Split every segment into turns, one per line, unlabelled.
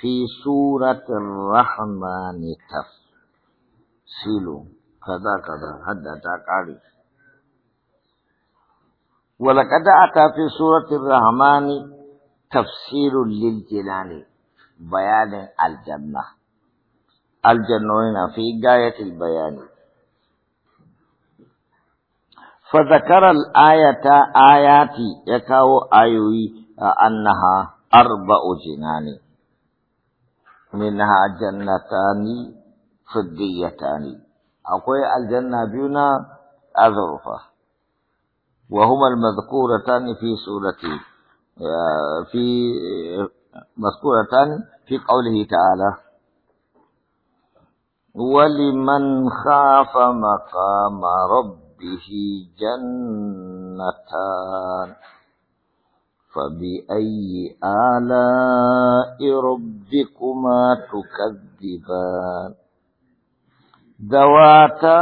في سورة الرحمن تفصيل كذا كذا هذا تقاري ولقد أتى في سورة الرحمن تفسير للجنان بيان الجنة الجنة في غاية البيان فذكر الآية آياتي يكاو آيوي آه، أنها أربع جنان منها جنتان فضيتان أقوي الجنة بينا أذرفة وهما المذكورتان في سورة في مذكورتان في قوله تعالى ولمن خاف مقام ربه جنتان فبأي آلاء ربكما تكذبان ذواتا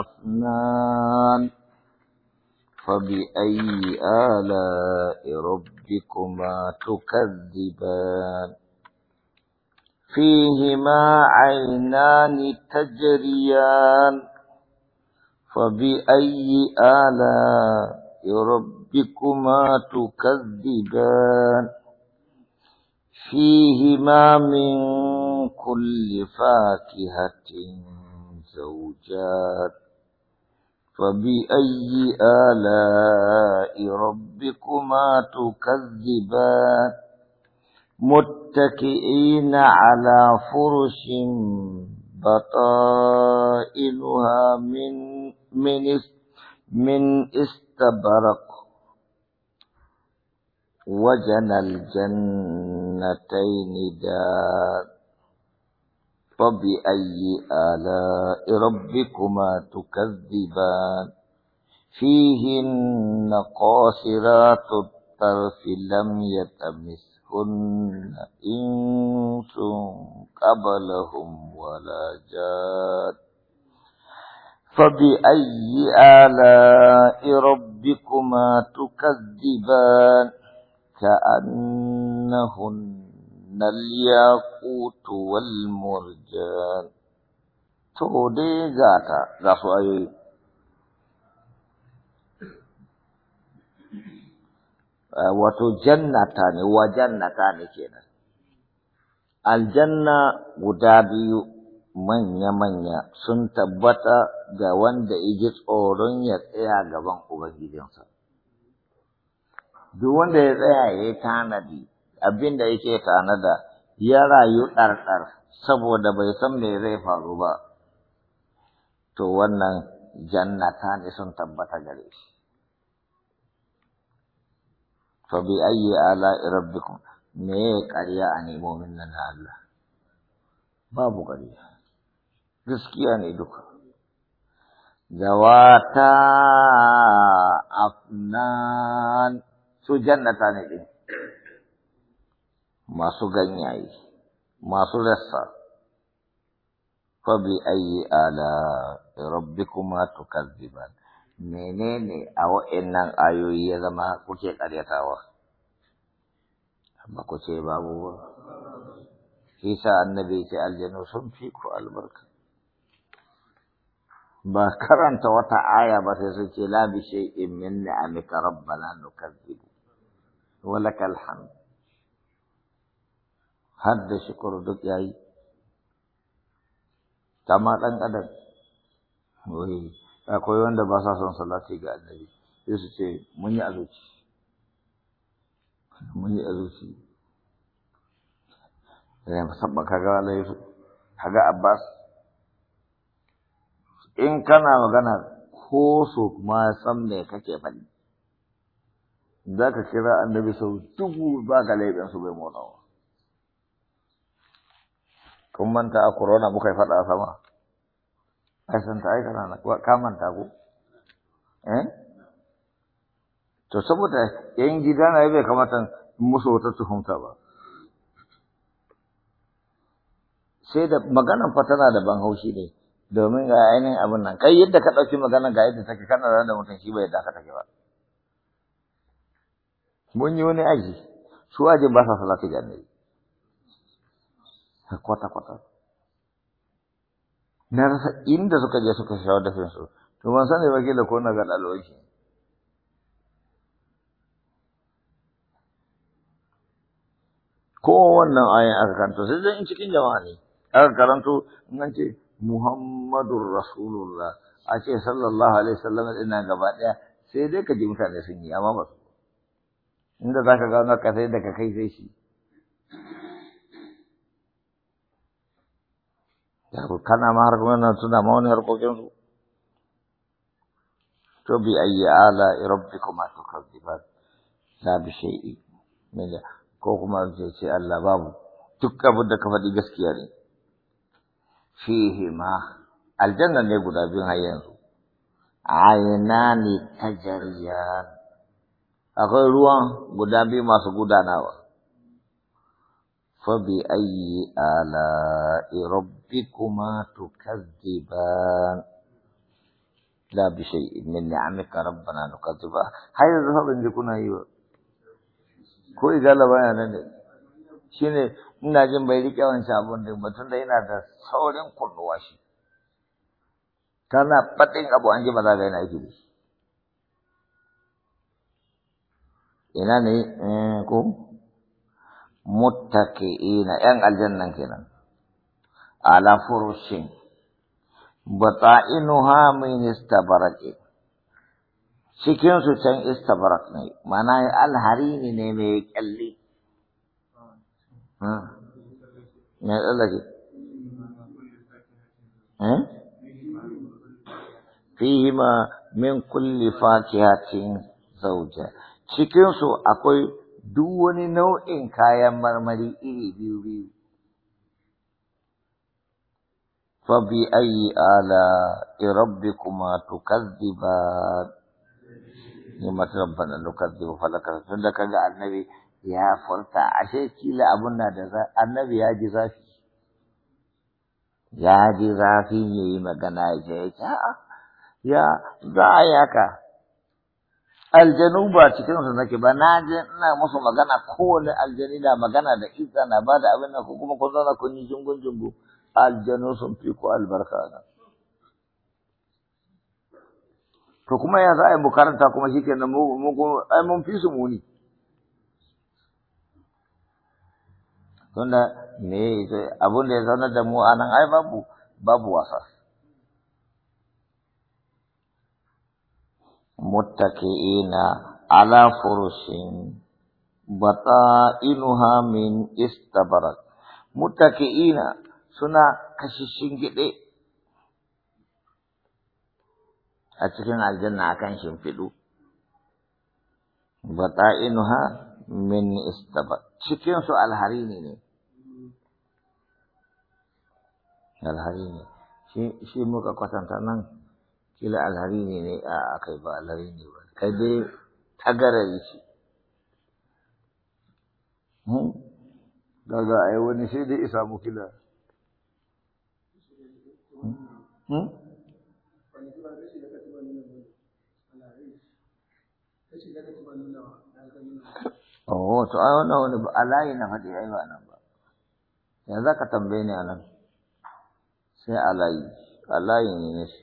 أفنان فبأي آلاء ربكما تكذبان فيهما عينان تجريان فبأي آلاء ربكما تكذبان فيهما من كل فاكهة زوجات فبأي آلاء ربكما تكذبان متكئين على فرش بطائلها من من من است استبرق وجنى الجنتين دار فبأي آلاء ربكما تكذبان فيهن قاصرات الطرف لم يتمسهن إنس قبلهم ولا جاد فبأي آلاء ربكما تكذبان كأنهن الياقوت والمرجان تودي جاتا رسو أيوي واتو jannata ne كينا الجنة ne manya-manya sun tabbata ga wanda ji tsoron ya tsaya gaban Ubangijinsa. Duk wanda ya tsaya ya yi tanadi, abin da yake tanada ya rayu ɗarɗar saboda bai san me zai faru ba. To wannan jannata ne sun tabbata gare shi. Fa bi ayyi ala rabbikum me ya ƙarya a nemomin nan Allah. Babu ƙarya. gaskiya ne duk. zawata afnan su jannata ne ɗin masu ganyaye masu rassa fabi ayi ala rabbi kuma rabbikuma Mene menene a wa'annan ayoyi ya zama kuke karyatawa ba ku ce babu ba shi sa annabi ce aljanu sun fi ku albarka ba karanta wata aya ba sai su ce la bi shay'in min ni'amika rabbana nukazzibu wa lakal hamd har da shukuru duk yayi kama dan adam wai akwai wanda ba sa son salati ga annabi sai su ce mun yi azuci mun yi azuci sai eh, musabba kaga Allah Yusuf kaga Abbas in kana magana ko su ma san me kake faɗi za ka kira annabi sau dubu ba ka laifinsu bai wa kun manta a corona muka yi faɗa sama ai san ta aikata na ka manta ko eh to saboda yan gida na bai kamata musu wata tuhumta ba sai da maganan fa tana da ban haushi ne domin ga ainihin abin nan kai yadda ka ɗauki magana ga yadda take kana da mutum shi bai yadda ka take ba mun yi wani aji su ajin ba sa salati ga annabi kwata kwata na rasa inda suka je suka shawar da su to ban sani ba kila ko na ga ɗalibai ko wannan ayin aka kanto sai dai in cikin jama'a ne aka karanto in an ce Muhammadun Rasulullah a ce sallallahu alaihi wasallam ina gaba ɗaya sai dai ka ji mutane sun yi amma ba inda za ka gano ka sai daga kai sai shi kana ma har nan suna ma wani su to bi ayi ala rabbikuma tukazzibat la bi shay'i ko kuma ce Allah babu duk abin da ka faɗi gaskiya ne fihi ma aljanna ne guda biyun har yanzu ni tajariya akwai ruwan guda biyu masu gudanawa fabi ayyi ala'i rabbikuma tukazziban la bi shay min ni'amika rabbana nukazziba har yanzu fa ji kuna yi ko igala baya nan ne shine ina jin bai riƙe wancan abun din ba tunda yana da saurin kunnuwa shi kana faɗin abu an ji ba za ka yana aiki ina ne eh, ko muttaqi'ina yan aljannan kenan ala furushin bata'inuha min istabaraki cikin su can istabarak ne mana alharini ne mai kalli Me tsallake. Eh? Fihi ma min kulli fakihatin zauja. Cikinsu akwai duk wani nau’in kayan marmari iri biyu Fa bi ayi ala irabbi kuma tukazzi ba, ni matan bana lokazzi ba falakar, da kaga annabi ya furta ashe kila abun na da annabi ya ji zafi ya ji zafi ya yi magana ya ce ya za a yaka aljanu ba cikinsu nake ba na je ina musu magana kowane aljani da magana da isa na ba da abin nan ko kuma kun zauna kun yi jingun jingu aljanu sun fi ku albarka na to kuma ya za a yi kuma shi kenan mu mun fi su muni tunda me abun da ya zauna da mu a nan ai babu babu wasa muttaqina ala furushin bata'inuha min istabarak muttaqina suna kashishin gide a cikin aljanna akan shimfiɗu bata'inuha min istabarak cikin su alharini ne alhari ne shi ah, ah, hmm? muka kwatanta nan kila alhari ne ne a kai ba alhari ne ba kai dai tagarari ce daga ai wani shi dai isa mu kila Oh, to ai wannan wani ba alayi na faɗi ai ba nan ba. Ya za ka tambaye ni a nan? sai a layi a ne na shi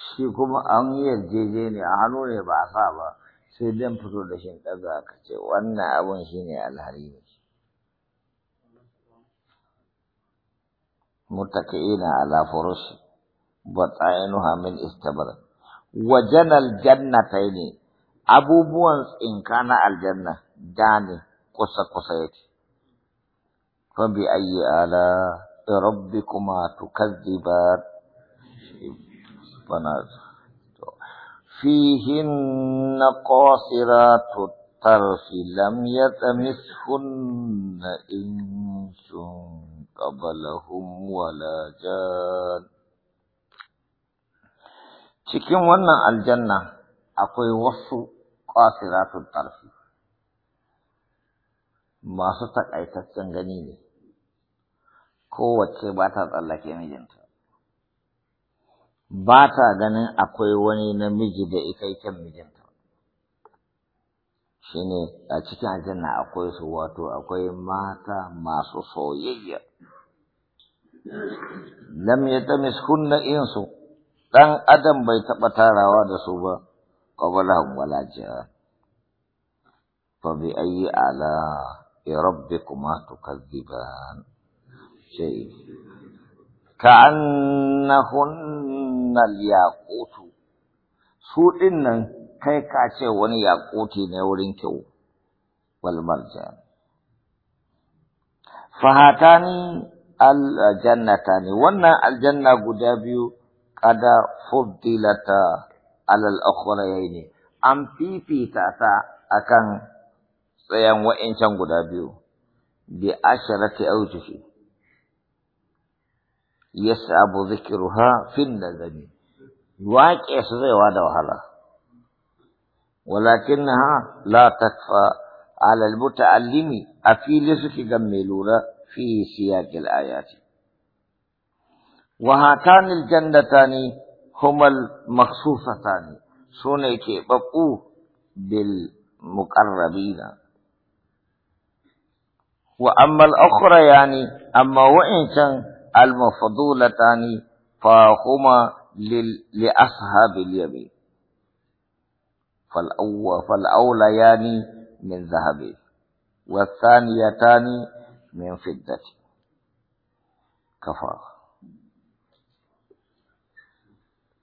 shi kuma an yi yarjejeniya a hannu ne ba a sa ba sai dan fito da shi ɗaga ka ce wannan abun shi ne alhari ne mutaka'ina ala furushi batsayinuha min istabar wajen ne, abubuwan tsinka na aljanna da ne kusa-kusa yake. Fabi ayyi ala ربكما تكذبان فنازع فيهن قاصرات الطرف لم يتمسهن إنس قبلهم ولا جان cikin wannan aljanna akwai wasu ƙasiratun tarfi masu taƙaitaccen gani ne kowace ba ta tsallake mijinta. Ba ta ganin akwai wani namiji da ita yake mijinta. shine a cikin aljanna akwai su wato akwai mata masu soyayya. Lam ya insu, ɗan adam bai taɓa tarawa da su ba, ƙwabalahun wala Fa bi ayi ala, ya rabbi kuma شيء كأنهن الياقوت nan kai ka ce wani yaƙoti ne wurin kyau wal marjan fahatani al ne, wannan aljanna guda biyu ƙada, fudilata, alal akhrayaini an fifita ta akan tsayan wa'incan guda biyu bi asharati awjuhi يسعب ذكرها في الندم واقع وادا وهلا ولكنها لا تكفى على المتعلم أفيلس لسك جميلورا في سياق الآيات وهاتان الجنتان هما المخصوصتان سونيك بقو بالمقربين وأما الأخرى يعني أما وإن كان المفضولتان فهما لأصحاب اليمين فالأوليان من ذهب والثانيتان من فضة كفاره